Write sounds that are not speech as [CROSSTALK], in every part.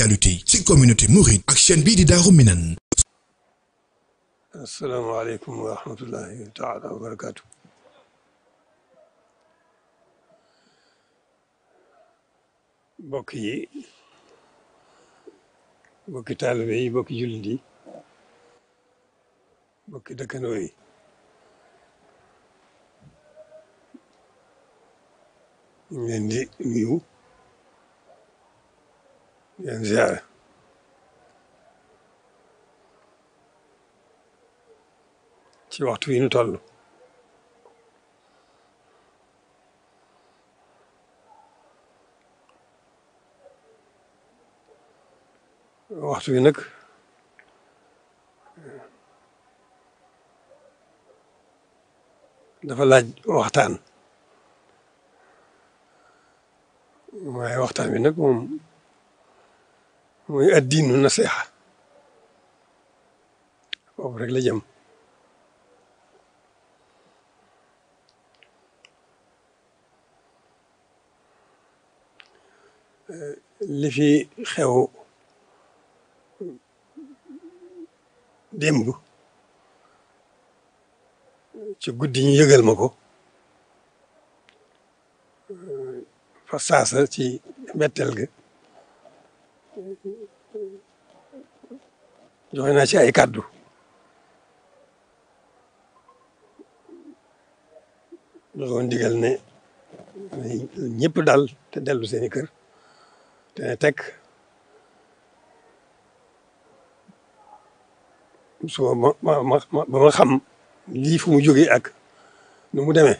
actualité ci communauté Mouride ak chaîne di Daaru Minane. asalaamaaleykum wa rahmatullahi taala wa barakaatu. mbokk yi mbokki taalibe yi mbokki jullit yi leen ziare ci waxtu wi ñu toll waxtu wi nag dafa laaj waxtaan waaye waxtaan bi nag mooy addiinu nasiha boobu rek la jëm li fi xew démb ci guddi ñu yëgal ma ko fa saasa ci mbetteel gi joxe naa ci ay kàddu joxoon digal ne ñëpp dal te dellu seeni kër te ne teg suba ma ba ma xam lii fu mu jógee ak nu mu demee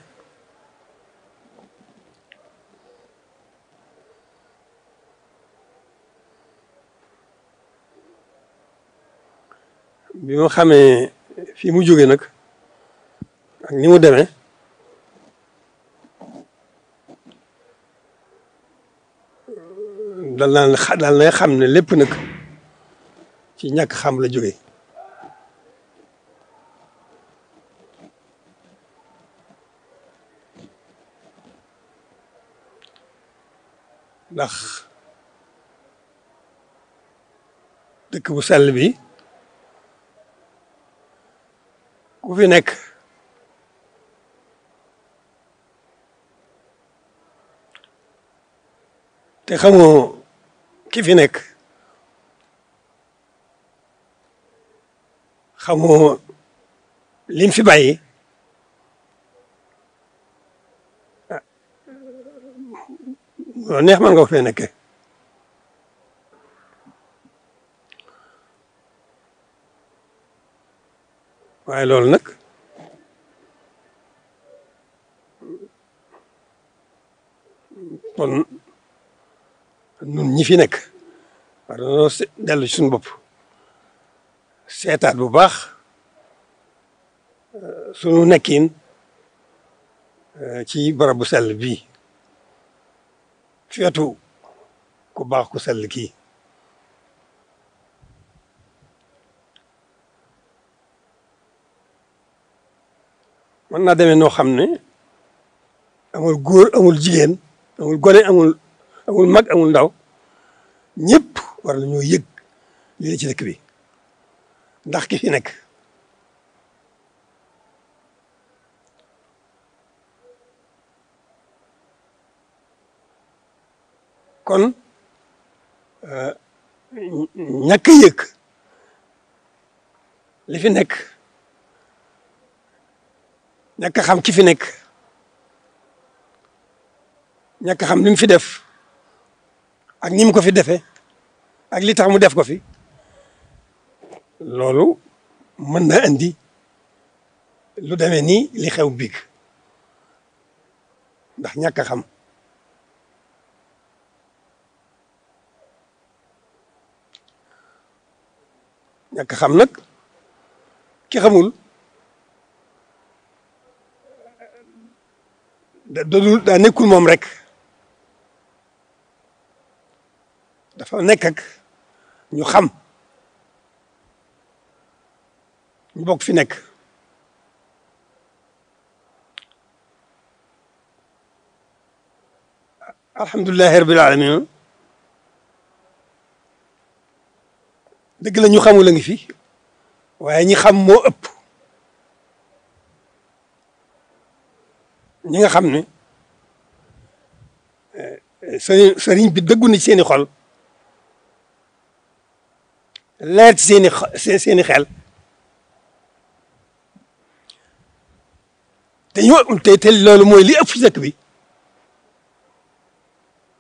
bi mu xamee fi mu jóge nag ak ni mu deme euh, dal naan na xam ne lépp nag ci ñàkk xam la jóge ndax dëkk bu sell bi ku fi nekk te xamoo ki fi nekk xamoo lim fi bàyyi neex man nga ko fee nekkee waaye loolu nag kon nun ñi fi nekk war nañoo dellu ci suñu bopp seetaat bu baax euh, sunu nekkin euh, ci barab bu sell bii feetu ku baax ku sell kii mën deme noo xam ne amul góor amul jigéen amul gone amul mag amul ndaw ñëpp war nañoo yëg li ne ci dëkk bi ndax ki fi nekk kon euh, ñàkk yëg li fi nekk ñàkk xam ki fi nekk ñàkk xam li mu fi def ak nim mu ko fi defee ak li tax mu def ko fi loolu mën na andi lu deme nii li xew biig ndax ñàkk xam ñàkk xam nag ki xamul. da nekkul moom rek dafa nekk ñu xam ñu bokk fi nekk alhamdulilahi rabil alamin dëgg la ñu xamul a ngi fi waaye ñi xam moo ëpp ñi nga xam ne eh, eh, sëriñ sëriñ bi dëggu na seeni xol leer ci seeni xel te ñu te loolu mooy li ëpp ci bi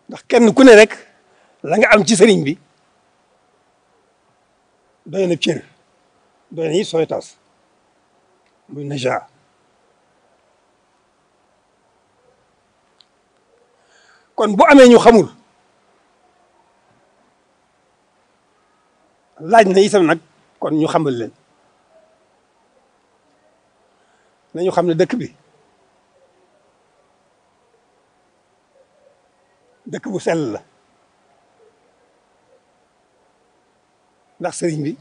ndax kenn ku ne rek la nga am ci sëriñ bi doy na cër doy na it tas muy naja kon bu amee ñu xamul laaj na itam nag kon ñu xambal leen nañu xam ne dëkk bi dëkk bu sel la ndax sëriñ bi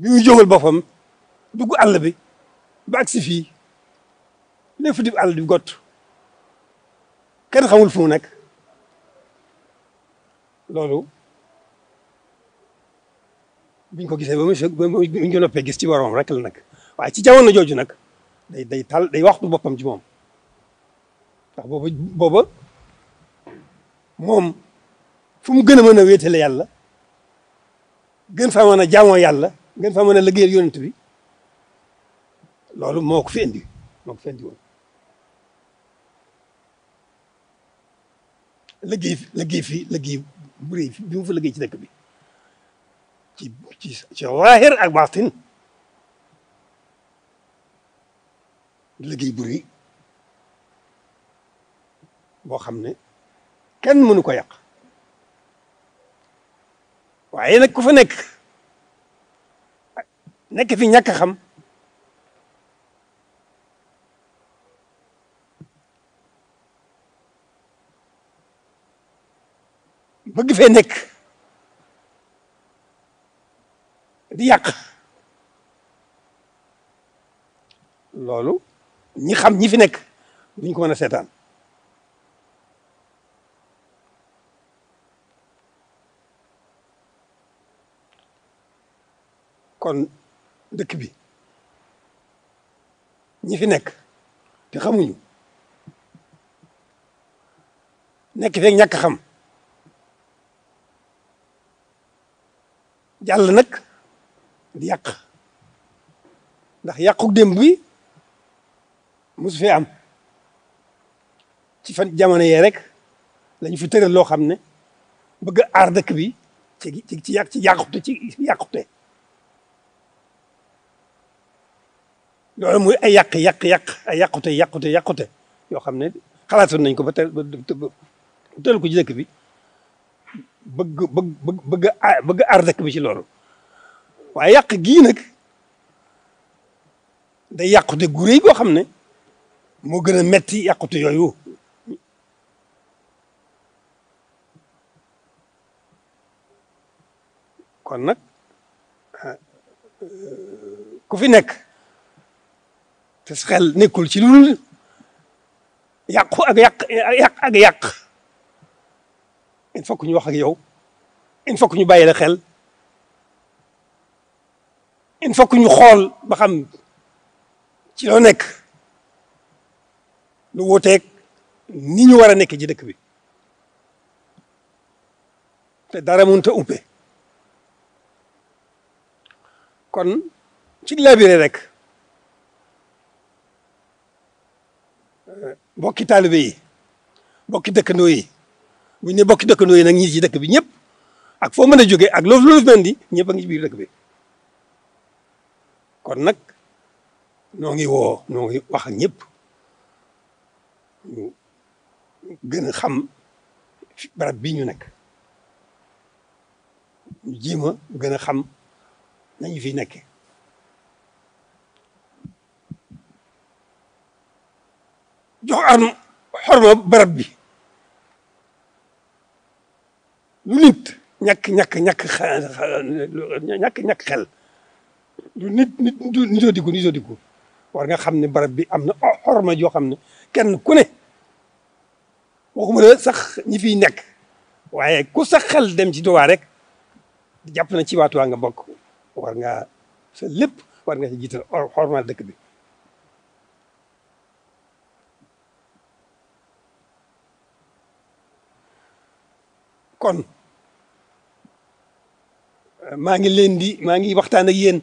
bi muy jógal boppam dugg àll bi ba agsi fii ne futib àll di gott kenn xamul fu mu nekk loolu biñ ko gisee ba mu ba mu ñu noppee gis ci borom rek la nag waaye ci jamono jooju nag day day tal day waxtu boppam ci moom ndax booba booba moom fu mu gën a mën a wéetale yàlla gën faa na a yàlla gën faa mën a liggéeyal yonent bi loolu moo ko fi indi moo ko fi indi woon liggéey liggéey fi liggéey bu rëy bi mu fa liggéey ci dëkk bi ci ci ci ak baatin liggéey bu rëy boo xam ne kenn mënu ko yàq waaye nag ku fa nekk nekk fi ñàkk xam bëgg fee nekk di yàq loolu ñi xam ñi fi nekk duñ ko mën a seetaan kon dëkk bi ñi fi nekk te xamuñu nekk feeg ñàkk xam jàll nag di yàq ndax yàquk démb bi mosu fee am ci fan jamono yee rek lañu fi tëral loo xam ne bëgg aar dëkk bi ci ci ci yàq ci yàqute ci yàqute loolu muy ay yàq yàq yàq ay yàqute yàqute yàqute yoo xam ne xalaatoon nañ ko ba tëral ko ci dëkk bi bëgg bëgg bëgg a bëgg aar bi ci loolu waaye yàq gii nag day yàqute gu rëy xam ne moo gën a metti yàqute yooyu kon nag eh, ku fi nekk te sa nekkul ci loolu yàqu ak yàq ak yàq ak yàq il faut wax ak yow il faut ñu bàyyi la xel il faut ñu xool ba xam ci loo nekk lu wuuteeg ni ñu war a nekk ci dëkk bi te dara mënut a uppe kon ci labiré rek bokki taalibe yi bokki dëkkandoo yi bu ñu ne bokki dëkkandoo yi nag ñi ci dëkk bi ñëpp ak foo mën a jógee ak loolu loolu mën di ñëpp a ngi ci biir dëkk bi kon nag noo ngi woo noo ngi wax gën a xam barab bii ñu nekk jiima gën a xam nañu fi nekke jox am xorma barab bi lu nit ñàkk ñàkk ñàkk ñàkk ñàkk xel du nit nit du nitoo diggu nitoo diggu war nga xam ne barab bi am na xorma joo xam ne kenn ku ne waxuma la sax ñi fiy nekk waaye ku sax xel dem ci Tuubaa rek jàpp na ci waa Tuubaa nga bokk war nga sa lépp war nga si jiital xorma dëkk bi kon maa ngi leen di maa ngi waxtaan ak yéen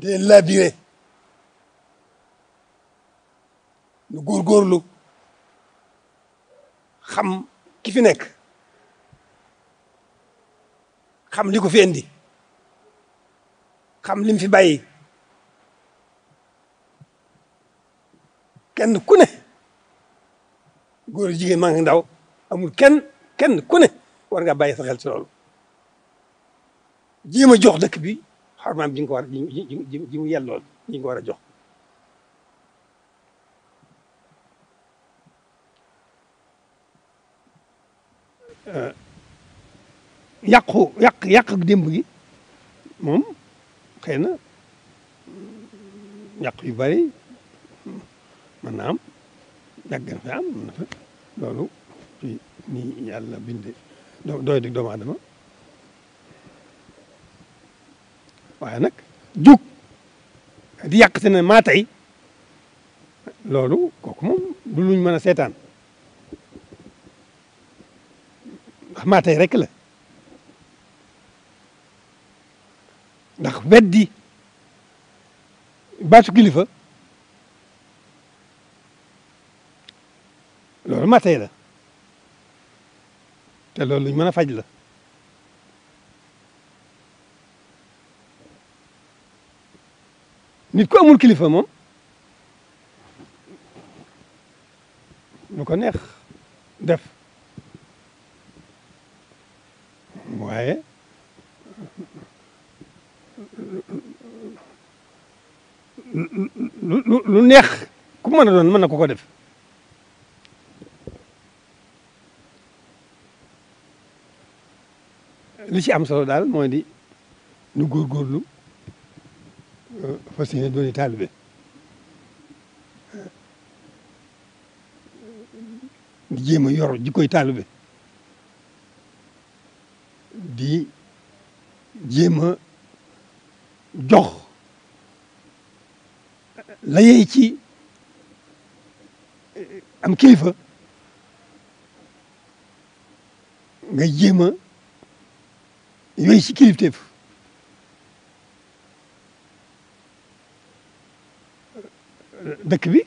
di leen labiré nu góorgóorlu xam ki fi nekk xam li ko fi xam lim fi bàyyi kenn ku ne góor jigéen maa ngi ndaw amul kenn kenn ku ne war nga bàyyi sa xel ci loolu jéem a jox dëkk bi xormaam ji nga ko war a ji mu yellool ji nga ko war a jox yàqu yàq yàq démb gi moom xëy na yàq yu bari mën na am yàgg na fi am mën na fa loolu ci ni yàlla binde dooy dig doomu aadama waaye nag jóg di yàq te ne maa tey loolu kooku moom du luñ mën a seetaan ndax maa tey rek la ndax weddi baatu kilifa loolu maa tey la te loolu luñ mën a faj la nit ku amul kilifa moom lu ko neex def waaye lu neex ku mën a doon mën na ko ko def li ci am solo daal moo di ñu góorgóorlu fas yéene dooni taalibe di jéem a yor jikkoy taalibe di jéem a jox la yey ci am kilifa nga jéem a yooyu ci kilifteef dëkk bi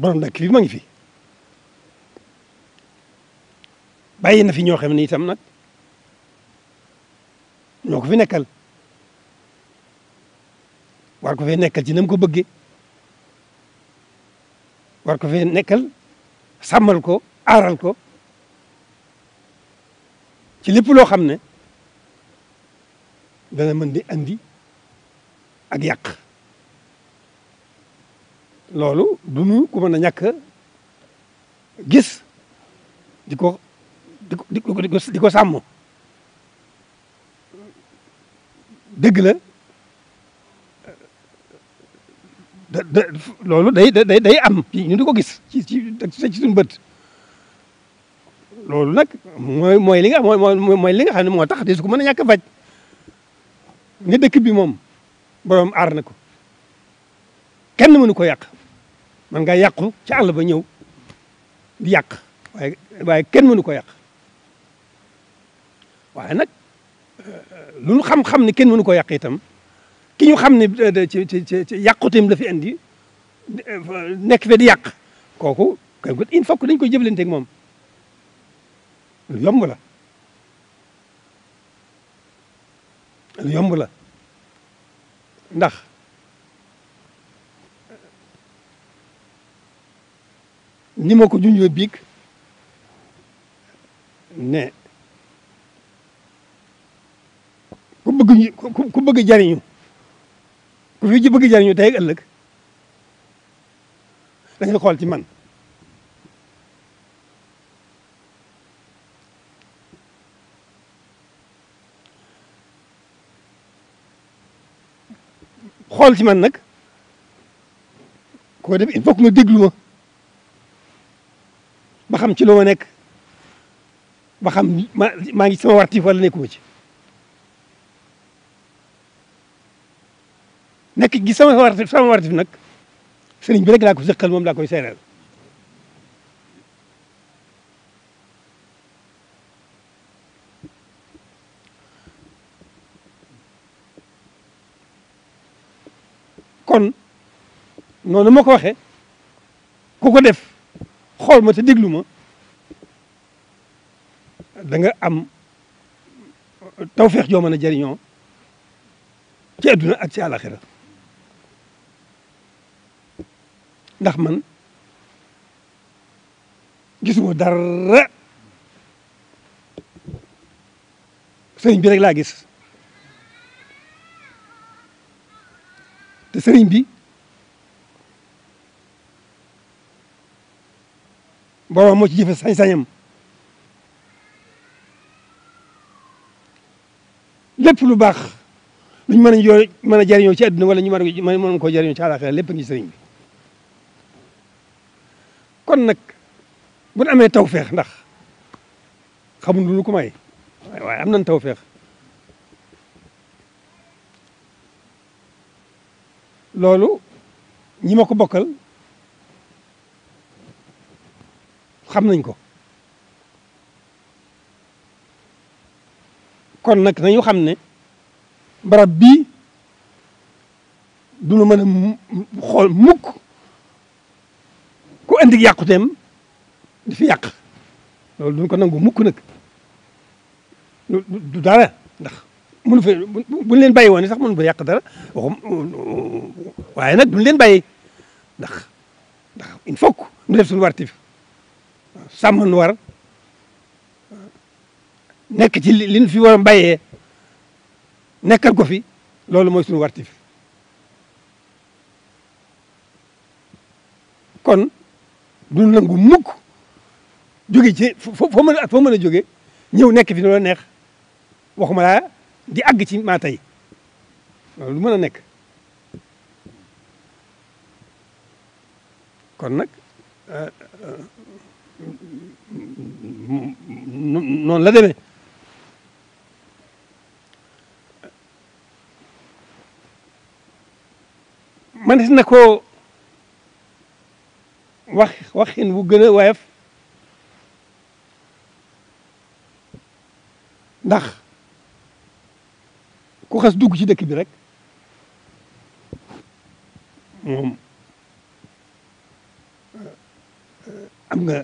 borom dëkk ma ngi fi bàyyi na fi ñoo xam ne itam nag ñoo ko fi nekkal war ko fee nekkal ci na ko bëggee war ko fee nekkal sàmmal ko aral ko ci lépp loo xam ne dana mën di andi ak yàq loolu du nu ku mën a ñàkk gis di ko di ko di ko di ko sàmm dëgg la da da loolu day day day am ñu di ko gis ci ci ci suñu bët loolu nag mooy mooy li nga mooy mooy li nga moo tax di su ko mën a ñàkk a ne dëkk bi moom. borom aar na ko kenn mënu ko yàq man nga yàqu ci àll ba ñëw di yàq waaye kenn mënu ko yàq waaye nag lu xam-xam ne kenn mënu ko yàq itam ki ñu xam ne euh, ci ci ci yàqutam la fi indi nekk fe di yàq kooku kooku il faut que dañ koy jëflanteeg moom lu yomb la lu yomb la. ndax ni ma ko junjoo biig ne ku bëgg jariñu ku fi ci bëgg jariñu tey ëllëg dañuy xool ci man xool ci man nag koo def il faut que nga ba xam ci lu nekk ba xam ma ngi sama wartif wala nekkuma ci nekk gi sama wartif sama wartif nag sëriñ bi rek laa ko sëqal moom laa koy seeral noonu ma ko waxee ku ko def xool ma te déglu ma da am tawfeex joo mën a jëriñoo ci adduna ak ci ndax man gisuma dara sëriñ bi rek laa gis te sëriñ bi borom moo ci jëfe sañ-sañam lépp lu baax luñ mën a yoo mën a jëriñoo ci adduna wala ñu mën mën koo jëriñoo ci àllaaxira lépp ngi sëriñ bi kon nag bu amee tawfeex ndax xamul lu ko may waaye am nañ tawfeex loolu ñi ma ko bokkal xam nañ ko kon nag nañu xam ne barab bii du lu mën a xool mukk ku indi yàquteem di yàq loolu duñ ko nangu mukk nag du dara ndax mënu fa buñ leen bàyyi woon sax mënu fa yàq dara waxum waaye nag duñ leen bàyyi ndax ndax fok faut ñu def suñu wartif sàmm nu war nekk ci li ñu fi war a bàyyee nekkal ko fi loolu mooy suñu wartif kon du nangu mukk jóge ci foo foo mën a foo mën a jóge ñëw nekk fi ne la neex waxuma laa di àgg ci maa tey loolu du mën a nekk kon nag euh, euh, noonu la demee manis na koo wax waxin bu gën a woyof ndax ku xas dugg ci dëkk bi rek am nga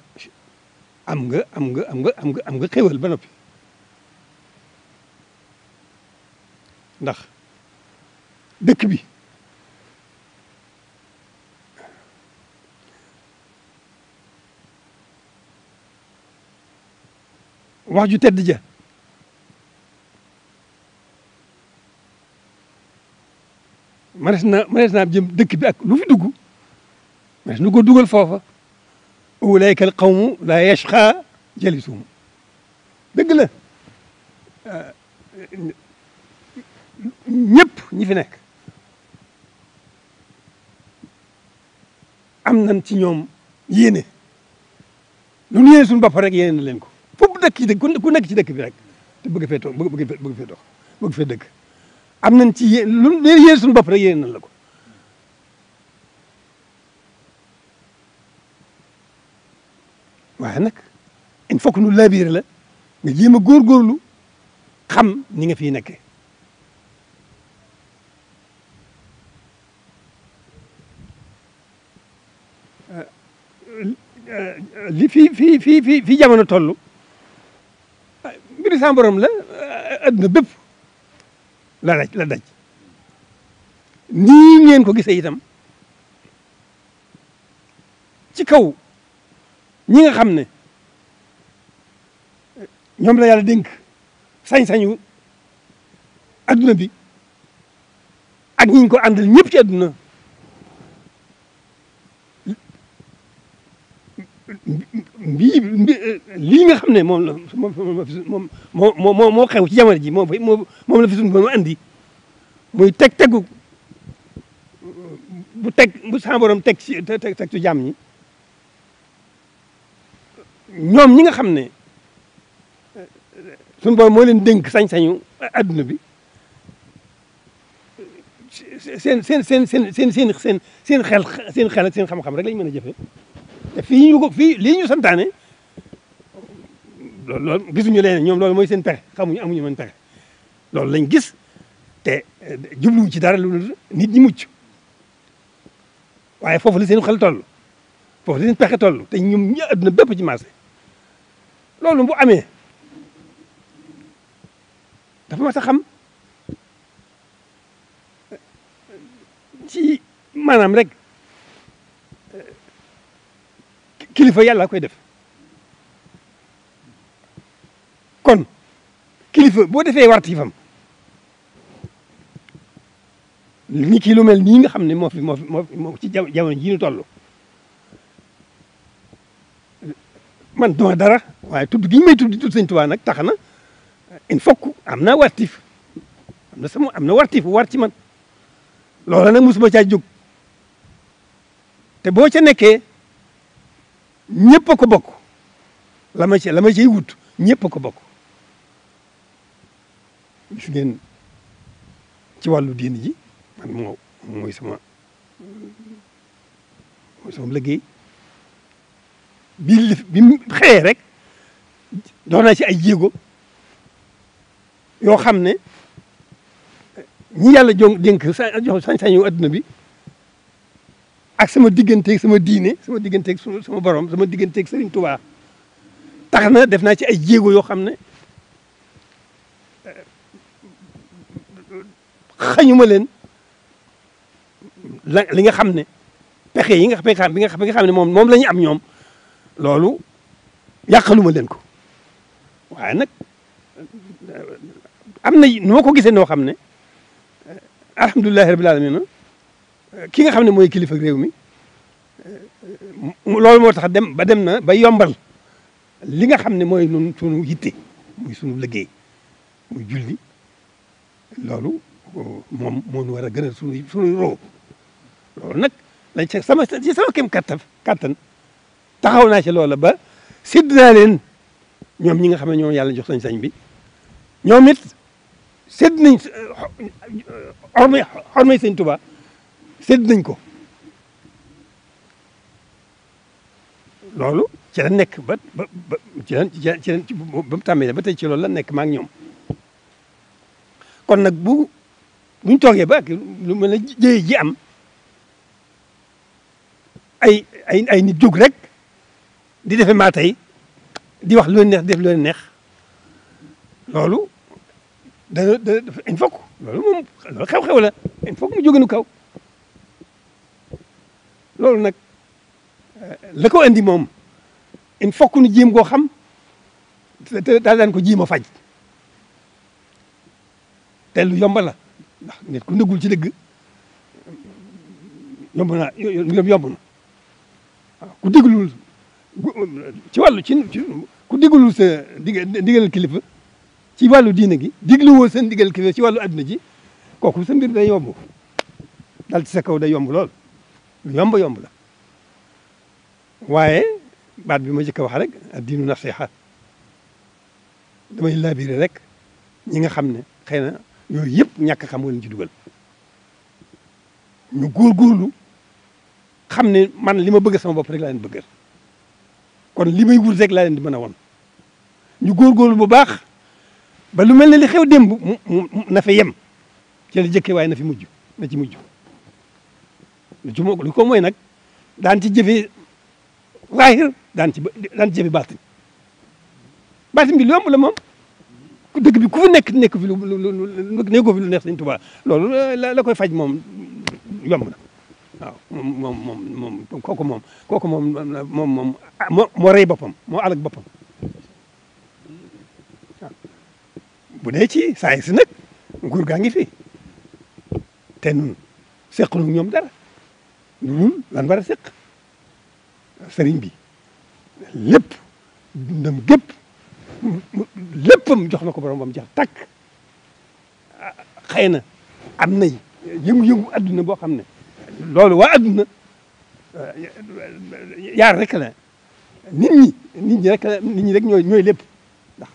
am nga am nga am am am nga xéwal ba noppi ndax dëkk bi wax ju tedd ja manees na manees naa jëm dëkk bi ak lu fi dugg manees nu ko dugal foofa ulaayka al qawmu laa yashqaa jalisuhum dëgg la ñëpp ñi fi nekk am nañ ci ñoom yéene lu ñu yéene suñu bopp rek yéene na leen ko foofu dëkk ci dëkk ku nekk ci dëkk bi rek te bëgg fee toog bëgg fee dox bëgg fee dëkk am nañ ci yé lu ñu yéene suñu bopp rek yéene nañ la ko waaye nag il faut que nu laabire la nga jéem a góorgóorlu xam ni nga fi nekkee euh, li fi fii fii fii fii jamono toll mbiri sa la euh, adduna bépp la daj la daj nii ngeen ko gisee itam ci kaw ñi nga xam ne ñoom la yàlla dénk sañ-sañu adduna bi ak ñi ko àndal ñëpp ci adduna mbii lii nga xam ne moom la moom moo xew ci jamono ji moom moom la fi suñu borom andi muy teg tegu bu teg bu sa tek teg ci teg ci jàmm ñi ñoom ñi nga xam ne suñu boobu moo leen dénk sañ-sañu adduna bi seen seen seen seen seen seen seen seen xel seen xel seen xam rek lañ mën a jëfe te fii ñu ko fii lii ñu santaane loolu loolu gisuñu leen ñoom loolu mooy seen pexe xamuñu amuñu ñu pexe loolu lañ gis te jubluwu ci dara lu nit ñi mucc waaye foofu la seen xel toll foofu la seen pexe toll te ñoom ñi adduna bépp ci marché loolu bu amee dafa mat a xam ci maanaam rek euh, kilifa yàlla koy def kon kilifa boo defee wartifam ni kii lu mel nii nga xam ne moo fi moo fi moo ci jamono jii ñu toll man duma dara waaye tudd gi ñu may tudd tudd sëñ Tuubaa nag tax na il faut am naa wartif am na sama am na wartif war ci man loola nag mosuma caa jóg te boo ca nekkee ñëpp a ko bokk la ma ci la ma ciy wut ñëpp a ko bokk gis ngeen ci wàllu diin ji man moo mooy liggéey bi bi mu xëyee rek dox na ci ay jéego yoo xam ne ñi yàlla jox dénk jox sañ-sañu adduna bi ak sama digganteeg sama diine sama digganteeg sama borom sama digganteeg Serigne Touba tax na def naa ci ay jéego yoo xam ne euh, xañuma leen la li nga xam ne pexe yi nga xam bi nga xam ne moom moom la ñu am ñoom loolu yàqaluma leen ko waaye nag am na numa ko gisee noo xam ne alhamdulilahi rabil alamina ki nga xam ne mooy kilifa réew mi loolu moo tax dem ba dem na ba yombal li nga xam ne mooy nun sunu yitte muy sunu liggéey muy julli loolu moom moo ñu war a gënal sunu sunu roo loolu nag lañ ci sama ci sama kem kattan kattan taxaw naa ci loola ba sédd naa leen ñoom ñi nga xam ne ñoom yàlla jox sañ-sañ bi ñoom it sédd nañ xormay xormay sëñ Tuubaa sédd nañ ko loolu ci la nekk ba ba ba ci la ci ba mu tey ci loolu la nekk maak ak ñoom kon nag bu buñ toogee ba ak lu mel ne jéey ji am ay ay ay nit jóg rek di defe maa tey di wax lu leen neex def lu leen neex loolu dana dana il faut loolu moom loolu xew-xew la il faut mu jógenu kaw loolu nag la ko andi moom il faut nu jéem koo xam te daal ko jéem a faj te lu yomb la ndax nit ku ci dëgg yomb naa yomb na ci wàllu ci ku diggalu sa digal kilifa ci wàllu diine gi digluwoo seen digal ci wàllu adduna ji kooku sa mbir day yomb dal ci sa kaw day yomb lool lu yomb yomb la waaye baat bi ma jëkk a wax rek ak diinu nasiha damay labiré rek ñi nga xam ne xëy na yooyu yëpp ñàkk xam nga leen ci dugal ñu góorgóorlu xam ne man li ma bëgg sama bopp rek laa leen kon li may wut rek laa leen di mën a won ñu bu baax ba lu mel ne li xew démb yem ci la jëkke waaye na fi mujj na ci mujj lu ci ko moy nag daan ci jëfee zaahir daan ci daan ci jëfee baatin baatin bi lu yomb la moom dëkk bi ku nekk nekk fi lu lu lu nekkoo fi lu neex Sëñ Tuubaa loolu la koy faj moom yomb waaw moom moom moom kooku moom kooku moom moom moom moo boppam moo alag boppam bu dee ci saa si nag nguur gaa ngi fi te nun seq nu ñoom dara ñun lan war a seq sëriñ bi lépp dundam gépp léppam jox na ko borom bam jeex takk xëy na am nay yëngu-yëngu adduna boo xam ne loolu waa adduna euh, yaar rek la nit ñi nit ñi rek nit ñi rek ñooy ñooy lépp ndax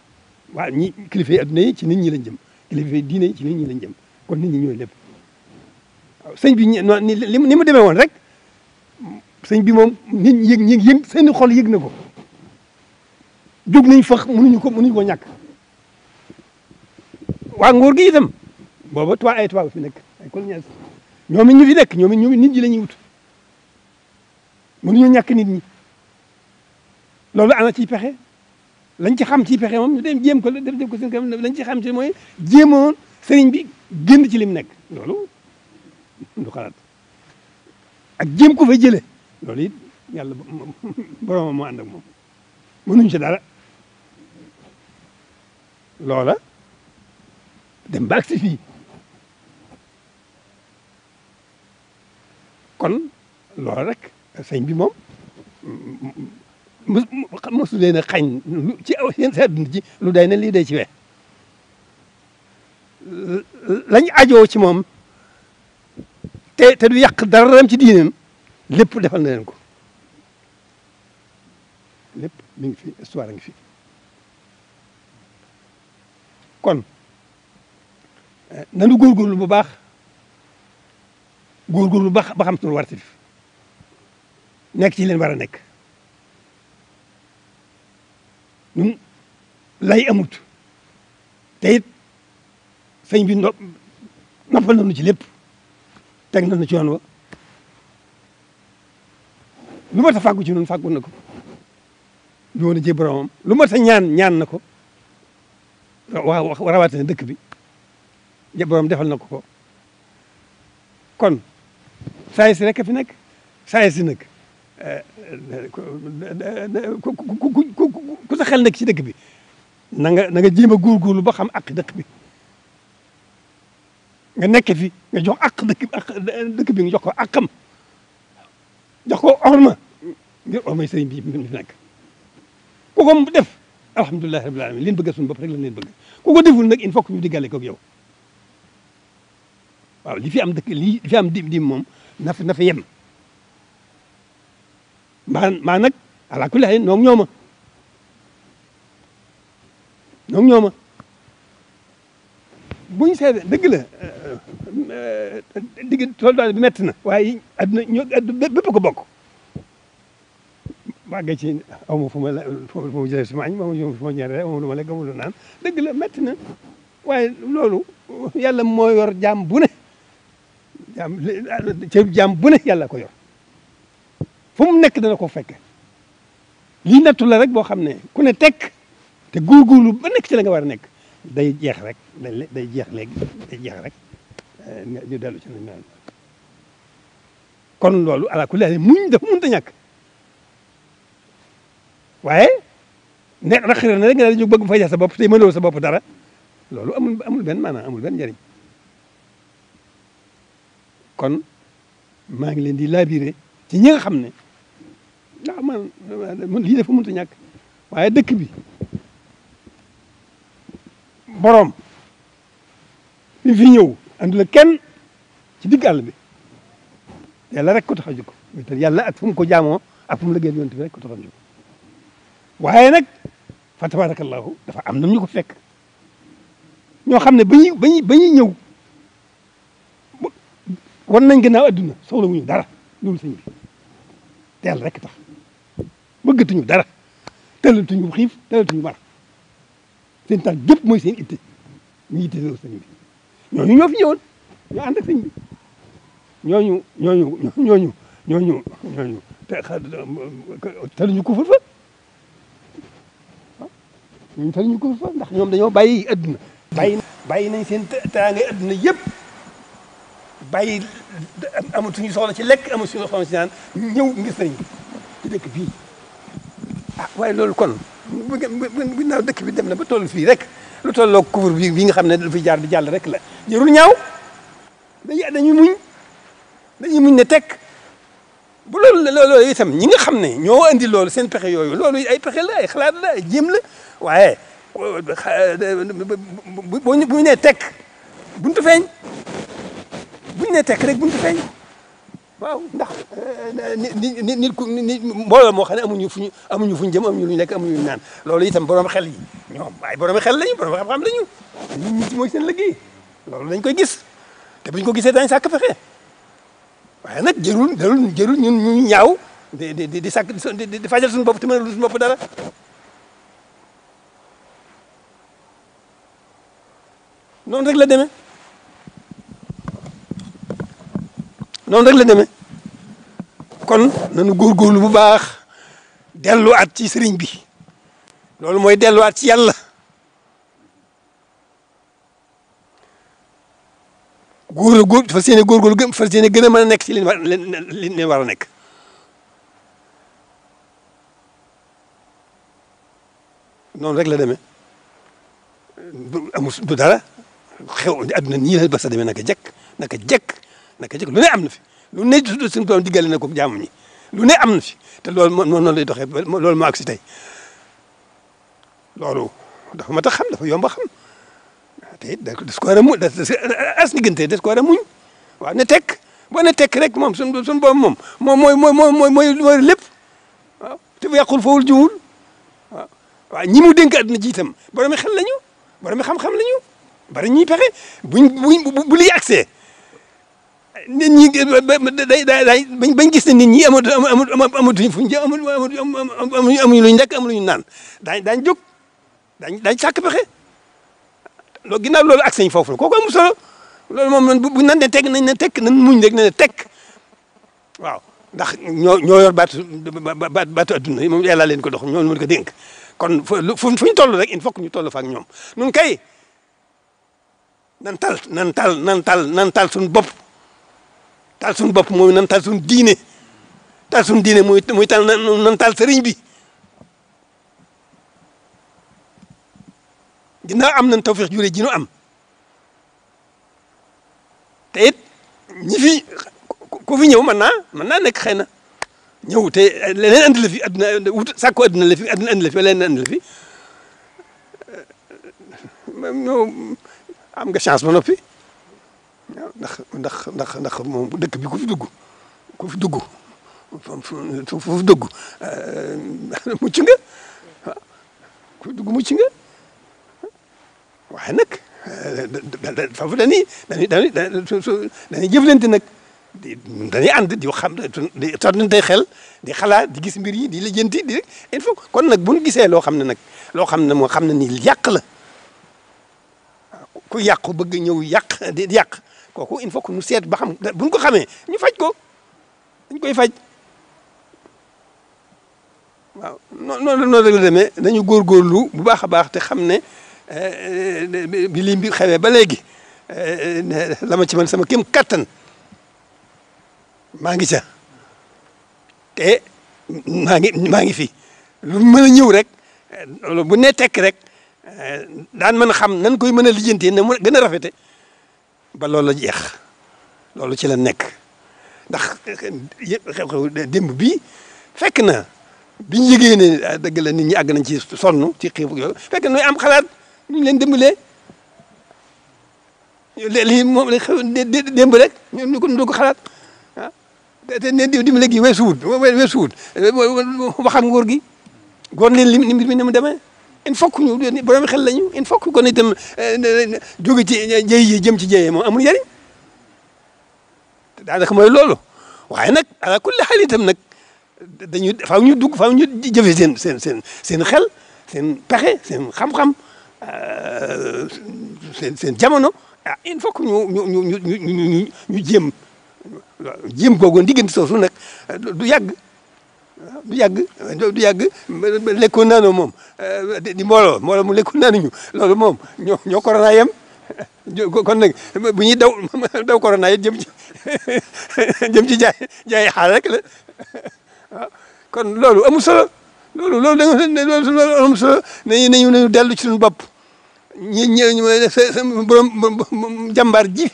waa ñi kilifa yi yi ci nit ñi lañ jëm kilifa yi diine yi ci nit ñi lañ jëm kon nit ñi ñooy lépp waaw sëñ bi ni mu demee woon rek sëñ bi moom nit ñi yëg yëg yëg seen xol yëg na ko jóg nañ fax mënuñu ko mënuñu ko ñàkk waa nguur gi itam booba tubaab ay tubaab fi nekk ay ñoom it ñu fi nekk ñoom it ñoom nit ñi la ñuy wut mënuñoo ñàkk nit ñi loolu ana ciy pexe lañ ci xam ci pexe moom ñu dem jéem ko def def ko seen kanam lañ ci xam ci mooy jéemoon sëriñ bi génn ci lim nekk loolu du xalaat ak jéem ko fa jële loolu it yàlla boromam moo ànd ak moom mënuñ ci dara loola dem ba agsi fii kon loolu rek sëñ bi moom mosu leen a xañ ci aw seen àdduna lu day ne lii day ci we lañ ajoo ci moom te te du yàq dararam ci diineem lépp defal na leen ko lépp mi ngi fi histoire ngi fi kon eh, nanu góorgóorlu bu baax góorgóorlu ba ba xam suñu wartif nekk ci leen war a nekk ñun lay amut te it sëñ bi noppal nañu ci lépp teg nañu ci yoon wa lu ma ta fàggu ci noonu fàggu na ko yoon ji lu ma ta ñaan na ko waaw rawatina dëkk bi ji defal na ko ko kon saa si rek fi nekk saa si nag ku ku ku sa xel nekk ci dëkk bi na nga na nga jéem a góorgóorlu ba xam àq dëkk bi nga nekk fi nga jox akk dëkk dëkk bi nga jox ko àqam jox ko orma ngir ormay sëriñ bi mi fi nekk ku ko def alhamdulilahi rabbil alamin li ñu bëgg suñu bopp rek lañ leen bëgg ku ko deful nag il faut que ñu diggale koog yow waaw li fi am dëkk li fi am dim dim moom na fi yem maa maa nag ala kulli haal noog ñooma noog ñooma bu ñu seede dëgg la euh, bi metti na waaye adduna ño adduna bépp ko bokk ci aw ma fu ma fu ma jëlee ma fu ma naan dëgg la metti loolu yàlla moo yor jaam bu jaam ceeb jaam bu ne yàlla ko yor fu nekk dana ko fekke lii nattu la rek boo xam ne ku ne tekk te góorgóorlu ba nekk ci la nga war a nekk day jeex rek day day jeex léegi day jeex rek eh, ñu dellu ci nañ kon loolu ala kulli haal muñ def mënut a ñàkk waaye ne naqari na rek nga daal di jóg bëgg fay sa bopp te mënoo sa bopp dara loolu amul amul benn maanaam amul benn njëriñ kon maa ngi leen di laabiré ci ñi nga xam ne ah man man lii dafa mënut a waaye dëkk bi boroom bi fi ñëw andi la kenn ci digg àll bi yàlla rek ko tax a jóg wéetal yàlla ak fum ko jaamoo ak fu mu lëggee yonent bi rek ko tax a jóg waaye nag fa tabarakallahu dafa am na ñu ko fekk ñoo xam ne ba ñuy ba ñëw. wan nañ gannaaw adduna soxla wuñu dara loolu sëñ bi te yàlla rek tax bëggatuñu dara tëlatuñu xiif tëlatuñu mar seen tànk gépp mooy seen itte ñu itte loolu sëñ bi ñooñu ñoo fi ñëwoon ñoo ànd ak sëñ bi ñooñu ñooñu ñooñu ñooñu ñooñu te tëluñu kufur fa ñooñu tëluñu kufur fa ndax ñoom dañoo bàyyi adduna bàyyi bàyyi nañ seen taangay adduna yëpp bàyyi amatuñu soxla ci lekk amatuñu soxla ci naan ñëw ngir sëriñ bi dëkk bii ah waaye loolu kon bu naaw dëkk bi dem na ba toll fii rek lu tolloo couvre bi bi nga xam ne lu fi jaar di jàll rek la jërul ñaaw dañuy dañuy muñ dañuy muñ ne tekk bu loolu loolu itam ñi nga xam ne ñoo andi lool seen pexe yooyu loolu ay pexe la ay xalaat la ay jéem la waaye boo ñu bu ñu nee buntu feeñ buñ ne tekk rek buntu feeñ waaw ndax nit eh, nit nit ku nit mbooloo moo xam ne amuñu fu ñu amuñu fu ñu jëm ñu lekk amuñu lu ñu naan loolu itam boroom xel yi ñoom waaye borom xel lañu borom xam-xam lañu nit ñi ci mooy loolu dañ koy gis te buñ ko gisee dañ sàkk fexe waaye nag jërul jërul jërul ñu ñaaw di di di sàkk di fajal suñu bopp te mënul suñu bopp dara. noonu rek la demee. noonu rek la demee kon nañu góorgóorlu bu baax delluwaat ci sëriñ bi loolu mooy delluwaat ci yàlla góor a góor fas yéene góorgóorlu gën fas yéene a mën a nekk ci li war li leen war a nekk noonu rek la demee amul du dara xew àdduna nii la basa demee naka jekk naka jekk naka jëkk lu ne am na fi lu ne suñu borom diggale na ko jaamu ñi lu ne am na fi te loolu moo noonu lay doxee loolu moo ak si tey loolu dafa mat a xam dafa yomb xam te it das ko war a muñ as diggante das ko war a muñ waaw ne tekk boo ne tekk rek moom suñu suñu borom moom moom mooy mooy mooy mooy mooy lépp waaw te bu yàqul fawul jiwul waaw waaw ñi mu dénk àdduna ji xam borom xel lañu borom xam-xam lañu bari ñuy pexe buñ buñ bu liy accès nit ñi day day bañ gis ne nit ñi amatu amatu amatuñ fuñ jëm amatu amuñu amuñu luñ nekk amuñu naan daañ daañu jóg daañu daañu sàkk pexe loolu ginnaaw loolu ak sañ foofu la ko amul solo loolu moom nan bu nan ne tekk nañ ne tekk nan muñ rek ne ne tekk waaw ndax ñoo ñoo yor baatu baatu baatu adduna yi moom yàlla leen ko dox ñoo mën ko dénk kon fu ñu toll rek in faut ñu toll fa ak ñoom nun kay nan tal nan tal nan tal nan tal suñu bopp tal suñu bopp mooy nan tal suñu diine tal suñu diine muy muy nan tal sëriñ bi ginnaaw am nañ tawfeex jure ji ñu am te it ñi fi ku fi ñëw mën naa mën naa nekk xëy na ñëw te leneen andi la fi adduna wut sàkku adduna la fi adduna andi la fi am nga chance ba noppi waaw ndax ndax ndax ndax moom dëkk bi ku fi dugg ku fi dugg foofu dugg euh, [LAUGHS] mucc nga waaw ku fi dugg mucc nga waaye nag euh, foofu dañuy dañuy dañuy dañuy jëflante nag di dañuy ànd di xam di tonnante xel di xalaa di gis mbir yi di lijjanti di il faut kon nag bu ñu gisee loo xam ne nag loo xam ne moo xam ne nii yàq la ku yàqu bëgg ñëw yàq di yàq. kooku il faut que ñu seet ba xam buñ ko xamee ñu faj ko dañ koy faj waaw noonu noonu rek la demee dañu góorgóorlu bu baax a baax te xam ne eh, bi li ba léegi eh, la ci man sama kéem kattan maa ngi ca te maa ngi maa ngi fi lu mën a ñëw rek eh, bu ne tekk rek daan mën a xam nan koy mën a lijjantee na gën a rafete ba loolu la jeex loolu ci la nekk ndax xew-xew démb bi fekk na bi ñu yëgee ne dëgg la nit ñi àgg nañ ci sonn ci xiif yooyu fekk na am xalaat ñu leen dimbalee lii moom la xew démb rek ñu ko ñu ko xalaat ah te ne dimbale gi weesuwut weesuwut waxam nguur gi góor leen li mbir mi ni mu demee. il faut que ñu borom xel lañu il faut que kon itam euh, jóge ci jëy yi jëm ci jëyee moom amul njëriñ daanaka mooy loolu waaye nag ala kulli xel itam nag dañuy faaw ñu dugg fa ñu jëfe seen seen seen seen xel seen pexe seen xam-xam euh, seen seen jamono ah il faut que ñu ñu ñu ñu ñu ñu jéem jéem googu soosu nag du yàgg. du yàgg du yàgg lekkoon naanoo moom di mbooloo mbooloo mu lekkoon naanuñu loolu moom ñoo ñoo corona yem kon nag bu ñuy daw [LAUGHS] daw corona yi jëm ci [LAUGHS] jëm ci jaay jaay xaal kon loolu amul solo loolu loolu da nga loolu loolu solo nañu nañu nañu dellu ci suñu bopp ñi ñëw borom jàmbaar ji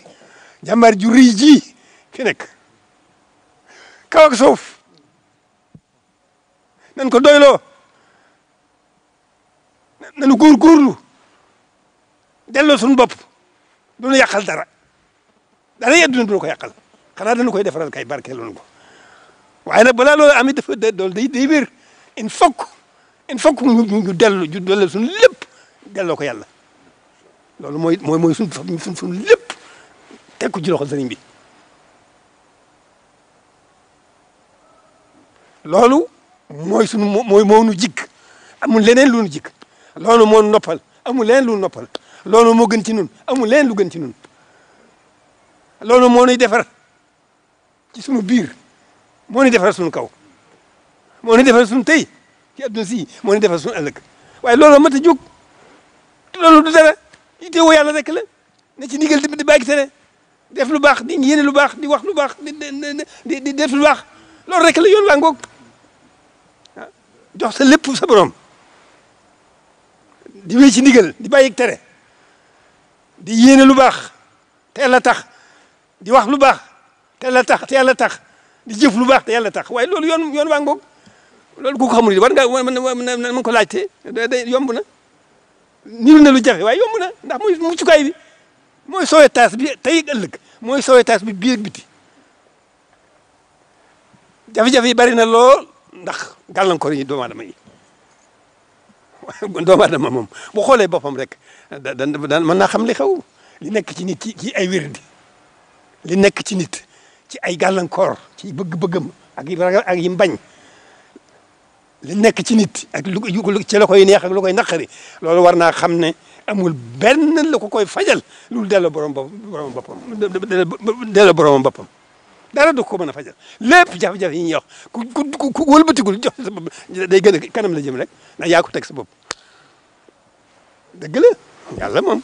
jàmbaar ju rëy ji fi nekk kaw suuf nañ ko doyloo nañu góorgóorlu delloo suñu bopp du ñu yàqal dara dara yedduna du ñu ko yàqal xanaa dañu koy defaral kay barkeeloon ko waaye nag balaa loolu amit dafa day dool day day wér il faut il faut que ñu dellu ñu dellu suñu delloo ko yàlla loolu mooy mooy mooy suñ suñ suñu lépp teg ko ci loxo sëriñ bi loolu mooy sunu mooy moo nu jikk amul leneen lu nu jikk loolu moo noppal amul leneen lu noppal loolu moo gën ci nun amul leneen lu gën ci nun loolu moo nuy defar ci sunu biir moo nuy defar sunu kaw moo nuy defar sunu tey ci adduna si moo nuy defar sunu ëllëg waaye loolu mat a jóg loolu du dara itteewoo yàlla rek la na ci ndigal di bàyyi tere def lu baax di yéene lu baax di wax lu baax di di def lu baax loolu rek la yoon waa ngoog jox sa lépp sa di wéy ci ndigal di bàyyi tere di yéene lu baax te yàlla tax di wax lu baax te yàlla tax te yàlla tax di jëf lu baax te yàlla tax waaye loolu yoon yoon baa ngoog loolu ku ko xamul war nga mën ko laajte day yomb na niru na lu jafe waaye yomb na ndax mooy muccukaay bi mooy soowe taas bi tey ak ëllëg mooy soowe taas bi biir ak biti jafe-jafe yi bari na lool ndax gàllankoor yi doomu aadama yi [LAUGHS] doomu aadama moom bu xoolee boppam rek da da mën naa xam li xew li nekk ci nit ci ci ay wérdi li nekk ci nit ci ay gàllankoor ci bëgg-bëggam ak yi ragal ak yi mbañ li nekk ci nit ak lu ci la koy neex ak lu koy naqari lool war naa xam ne amul benn la ko koy fajal loolu delloo borom boppam delloo boromam boppam dara du ko mën a fajal lépp jafe-jafe yi ñuy wax ku ku ku wëlbatigul jox sa bopp day gën kanam la jëm rek na yaako ko teg sa bopp dëgg la yàlla moom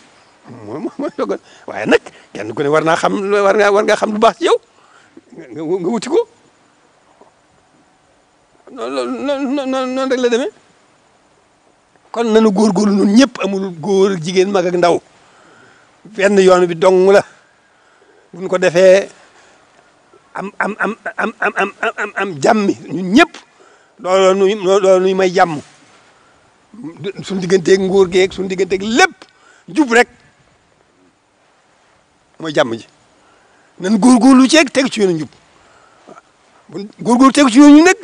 moom mooy dogal waaye nag kenn ku ne war naa xam war ngaa war ngaa xam lu baax ci nga wuti ko noonu noonu rek la demee kon nanu góorgóorlu ñun ñëpp amul góor jigéen mag ak ndaw benn yoon bi dong la buñ ko defee am am am am am ñun ñëpp loolu nuy loolu nuy may jàmm suñu digganteeg nguur geeg suñu digganteeg lépp jub rek mooy jàmm ji nan góorgóorlu ceeg teg ci yoonu njub góorgóorlu teg ci yoonu nag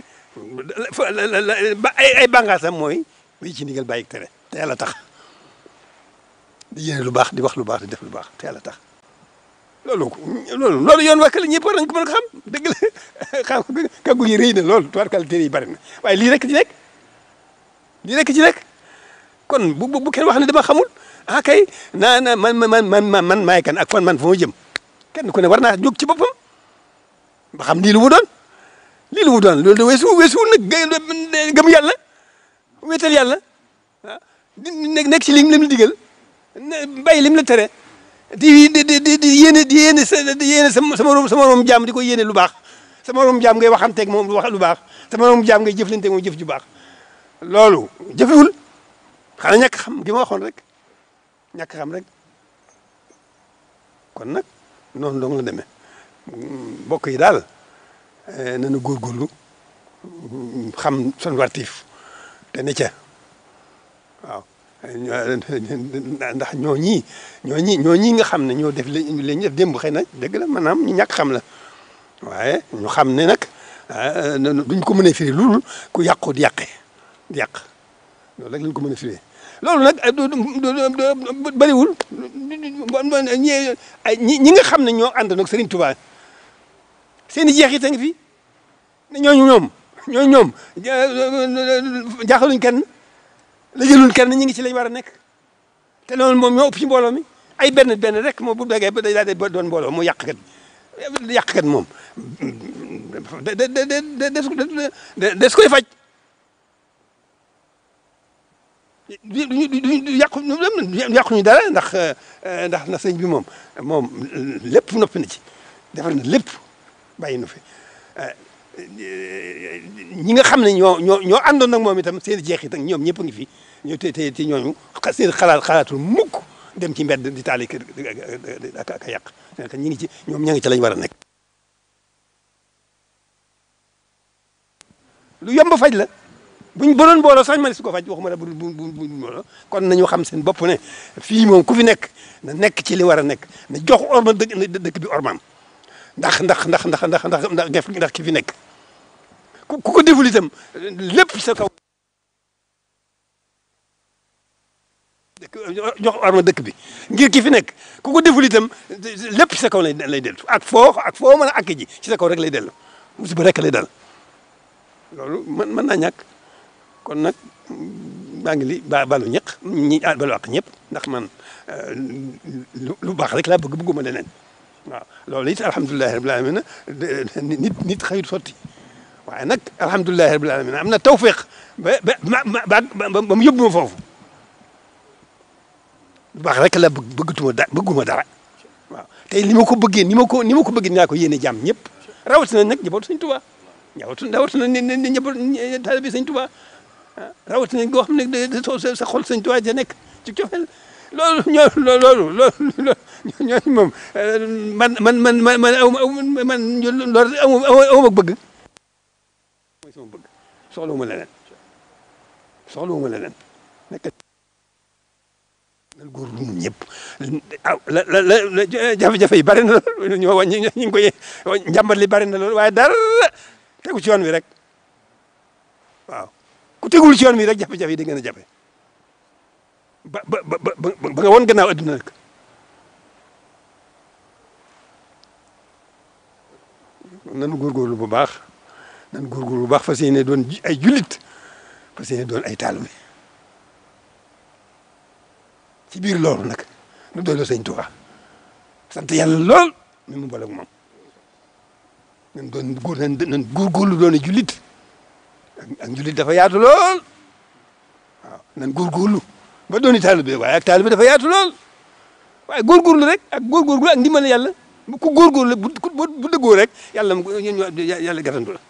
ba ay ay bànqaasam mooy bay ci ndigal bàyyi tere te yàlla tax di yéene lu baax di wax lu baax di def lu baax te yàlla tax loolu loolu loolu yoon wàkkale ñëpp war nañ ko mën a xam dëgg la [LAUGHS] xam kàggu yi rëy na loolu tubaarkal téere yi bari na waaye lii rek ci nekk lii rek ci nekk kon bu bu kenn wax ne dama xamul ah kay naa na man man man man maay kan ak fan man fa ma jëm kenn ku ne war naa jóg ci boppam ba xam lii lu mu doon lii lu mu doon loolu de weesu weesu nag gëm yàlla wéetal yàlla ah di nekk ci lim lim digal bàyyi lim la tere. di di di di yéene di yéene sa di yéene sa jàmm di ko yéene lu baax sa morom jàmm ngay waxanteeg moom wax lu baax sa morom jàmm ngay jëflanteeg moom jëf ju baax loolu jëfewul xanaa ñàkk xam gi ma waxoon rek ñàkk xam rek kon nag noon dong la demee mbokk yi daal eh, nañu góorgóorlu mm, xam sunu wartiif te ne ca ndax ñoo ñi ñoo ñii ñoo ñii nga xam ne ñoo def li ñu def démb xëy na dëgg la maanaam ñu ñàkk xam la waaye ñu xam ne nag ah, duñ ko mën a firi lu ku yàqu di yàqee di yàq loolu rek lañ ko mën a firi loolu nag bëriwul ñi ñi nga xam ne ñoo ànd nag Serigne Touba seen i jeexit a ngi fi ñooñu ñoom ñooñu ñoom jaaxaluñ kenn. la jëlul kenn ñu ngi ci lañ war nekk te loolu moom ñoo ëpp ci mbooloo mi ay benn benn rek moo bu degee ba day daal di doon mbooloo mu yàq kat yàq kat moom de de de de des koy faj duñu duñu yàqu yàquñu dara ndax euh, ndax na sëñ bi moom moom lépp noppi na ci defar na lépp bàyyi na fi. Euh, ñi nga xam ne ñoo ñoo ñoo àndoon nag moom itam seen jeexi ak ñoom ñëpp ngi fi ñoo te te te ñooñu seen xalaat xalaatul mukk dem ci mbedd di taali kër ak ak yàq ngi ci ñoom ña ngi ci lañ war a nekk. lu yomb faj la buñ booloon booloo sax man su ko faj waxuma la bu bu bu booloo kon nañu xam seen bopp ne fii moom ku fi nekk na nekk ci li war a nekk na jox orma dëkk dëkk bi ormaam. ndax ndax ndax ndax ndax ndax ndax ndax ki fi nekk ko deful itam lépp sa kaw jox arma dëkk bi ngir ki fi nekk ku ko deful itam lépp sa kaw lay lay dellu ak foo ak foo mën a ji ci sa kaw rek lay dellu musiba rek lay dal loolu mën mën naa ñàkk kon nag maa ngi li ba balu ñëq ñi balu àq ñëpp ndax man euh, lu baax rek laa bëgg bëgguma leneen waaw loolu it alhamdulilahi rabil alamina nit nit xëyut sotti waa nag alhamdulilahi rabil na am na tawféex ba ba ma ba ba mu yóbbu ma foofu lu baax rek la bëgg bëggatuma da bëgguma dara waaw tey li ma ko bëggee ni ma ko ni ma ko bëggee dinaa ko yéene jàmm ñëpp rawatina nag njabootu Sëñ Tuubaa njabootu rawatina ne njaboot taalibe Sëñ Tuubaa ah, rawatina goo xam ne sa xol Sëñ Tuubaa ja nekk ci loolu ñoo loolu loolu ñooñu moom man man man man man man loolu aw bëgg mooy sama bëgg soxla wu ma leneen soxla wu ma leneen nekk nan góor lu ñun ñëpp aw la la la jafe-jafe yi bari na lool ñoo wàññi ñu ngi koy njàmbat li bari na lool waaye dara tegu ci yoon wi rek waaw ku tegul ci yoon wi rek jafe-jafe yi da ngeen a jafe ba ba ba ba nga woon gannaaw adduna nag nan góorgóorlu bu baax nan góorgóorlu lu baax fa yéene doon ay jullit fas yéene doon ay taalibe ci biir loolu nag nu doyloo Sëñ Tuubaa sant yàlla lool mi mu boole ak moom nan doon góor nan nan góorgóorlu doon jullit ak ak jullit dafa yaatu lool waaw nan góorgóorlu ba dooni taalibe waaye ak taalibe dafa yaatu lool waaye góorgóorlu rek ak góorgóorlu ak ndimbal yàlla ku góorgóorlu bu bu dëggoo rek yàlla mu yàlla gàttandu la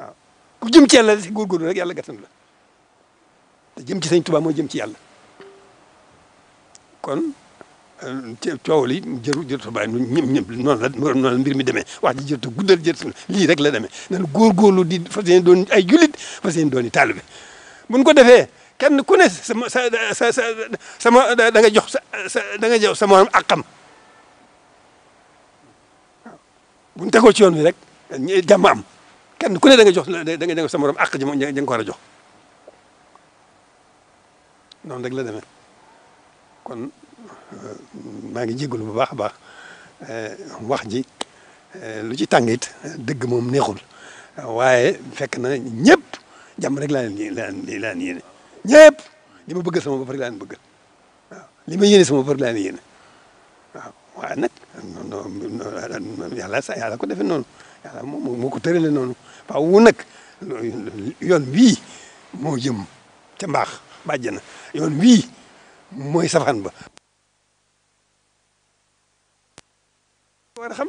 waaw ku jëm ci yàlla si rek yàlla gàttandu la te jëm ci sëñ Tuubaa mooy jëm ci yàlla kon coow li jëru jërëtu bàyyi nu ñëpp ñëpp noonu la noonu la mbir mi demee wax ji jërëtu guddal jërëtu lii rek la demee nan góorgóorlu di fas yéene doon ay jullit fas yéene doon i taalibe buñ ko defee kenn ku ne sama sa sa sama da nga jox sa da nga jox sa morom àqam bu ñu tegoo ci yoon bi rek jàmm am kenn ku ne da nga jox da nga jox sa morom àq ji nga ko war a jox noonu rek la demee kon maa ngi jégalu bu baax a baax eh, wax ji eh, lu ci tàng dëgg moom neexul waaye fekk na ñëpp jàmm rek laa leen laa leen ñëpp li ma bëgg sama bopp rek laa leen bëggal waaw li ma yéene sama bopp rek laa leen yéene sa yàlla ko defee noonu yàlla moo moo ko tëralee noonu waaw wu yoon wii moo jëm ca mbaax bàjj na yoon wii mooy safaan ba war a xam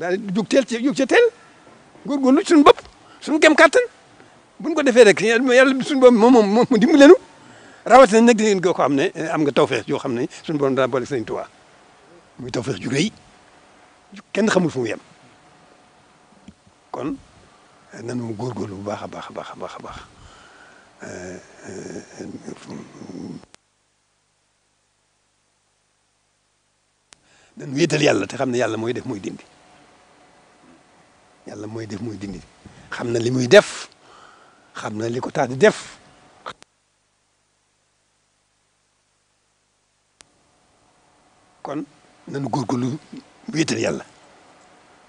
daal di jóg teel ci jóg ca teel góorgóorlu ci kem kàttan buñ ko defee rek yàlla suñu borom moom moom moom dimbali leenu rawatina nag dinañ ko am ne am nga tawfeex yoo xam ne suñu borom dana boole sëñ Tuubaa muy tawfeex ju rëy kenn xamul fu mu yem kon eh, nanu góorgóorlu bu baax a baax a baax a baax a baax dañ eh, eh, wéetal yàlla te xam ne yàlla mooy def muy dindi yàlla mooy def moy dindi xam na li muy def xam na li ko tax di def kon nanu góorgóorlu wéetal yàlla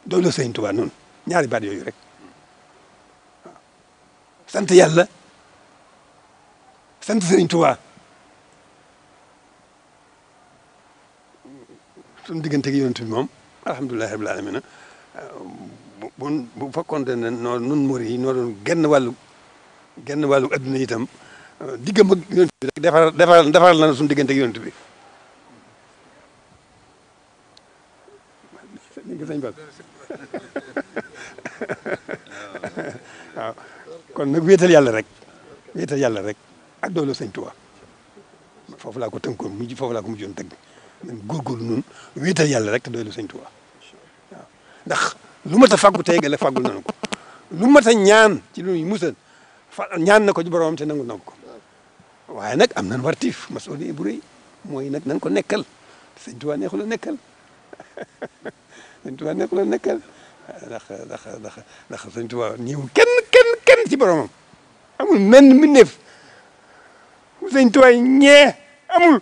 doolu sëñ Tuubaa noonu ñaari baat yooyu rek waaw sant yàlla sant sëñ Tuubaa suñu diggante gi yonent bi moom alhamdulilahi rabbil alamina bu bu fekkoon ne noonu nun murid yi noo doon genn wàllu genn wàllu adduna yitam diggam ak yonent bi rek defaral defaral defaral na suñu diggante ak yonent bi [LAUGHS] waaw kon nag wéetal yàlla rek wéetal yàlla rek ak doolu sëñ Tuubaa foofu laa ko tënkoon mujj foofu laa ko mujjoon tënk nañ góorgóorlu noonu wéetal yàlla rek te doolu sëñ Tuubaa waaw ndax lu mat a fàggu tey gale fàggul nañu ko lu mat a ñaan ci lu ñuy musal fa ñaan na ko ci boromam te nangu na ko waaye nag am nan wartiif masuliya bu rëy mooy nag nan ko nekkal sëñ Tuubaa neexu la nekkal [LAUGHS] sëñ Tuubaa neexu la nekkal ndax ndax ndax ndax sëñ Tuubaa ñëw kenn kenn ci boromam amul menn mbindeef sëñ Tuubaa ñee amul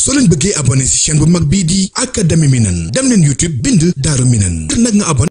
soo leen bëggee abonné ci bu mag bii di académie minan dem nen YouTube bind daaru minan ngir nag nga abonné